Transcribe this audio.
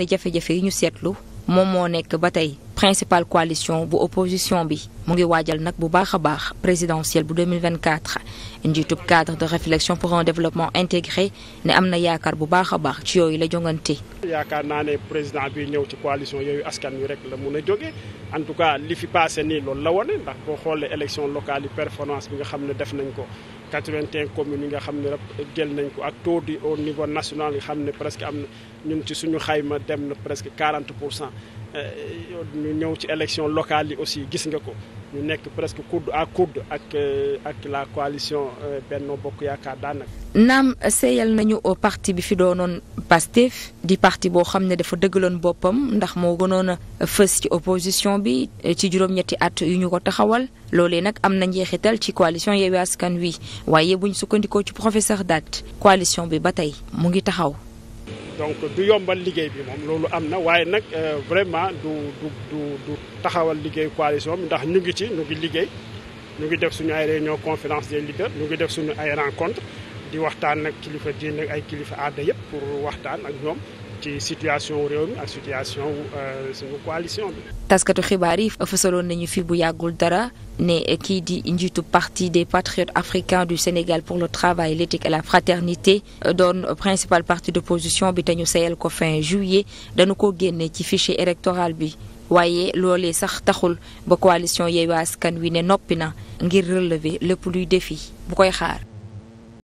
yenn jafe-jafe yi ñu seetlu moom moo nekk ba tey principal coalition bu opposition bi mu ngi waajal nag bu baax a baax présidentielle bu 2024 njiitub cadre de réflexion pour un développement intégré ne am na yaakaar bu baax a baax ci yooyu la jongante. yaakaar naa ne président bi ñëw ci coalition yooyu askan wi rek la mun a jóge en tout cas li fi passé nii loolu la wone ndax boo xoolee élection locale yi performance bi nga xam ne def nañ ko 81 communes yi nga xam ne rek jël nañ ko ak taux di au niveau national nga xam ne presque am na ñun ci suñu xayma dem na presque 40 pour cent. ñu ñëw ci élection locale yi aussi gis nga ko ñu nekk presque coude ak coude ak euh, ak la coalition euh, Benno Bokk Yaakaar daanaka. naam seyal nañu parti bi fi doonoon Pastef di parti boo xam ne dafa dëggaloon boppam ndax moo gënoon a fës ci opposition bi euh, ci juróom-ñetti at yu ñu ko taxawal loolee nag am na njeexital ci coalition Yewwi Askan Wi waaye buñ sukkandikoo ci professeur Datt coalition bi ba tey mu ngi taxaw. donc du yombal liggéey bi moom loolu am na waaye nag euh, vraiment du du du du taxawal liggéey coalition bi ndax ñu ngi ci ñu ngi liggéey ñu ngi def suñu ay réunion conférence des leaders ñu ngi def suñu ay rencontre di waxtaan ak kilifa diine ak ay kilifa aada yëpp pour waxtaan ak ñoom ci situation euh, taskatu xibaar yi fësaloon nañu fi bu yàggul dara ne kii di njiitu parti des patriotes africains du Sénégal pour le travail l'éthique et la fraternité doon principal parti d'opposition bi te ñu seyal ko fin juillet danu ko génne ci fichier électoral bi. waaye loolee sax taxul ba coalition Yewwi Askan Wi ne noppi na ngir relever lépp luy défi bu koy xaar.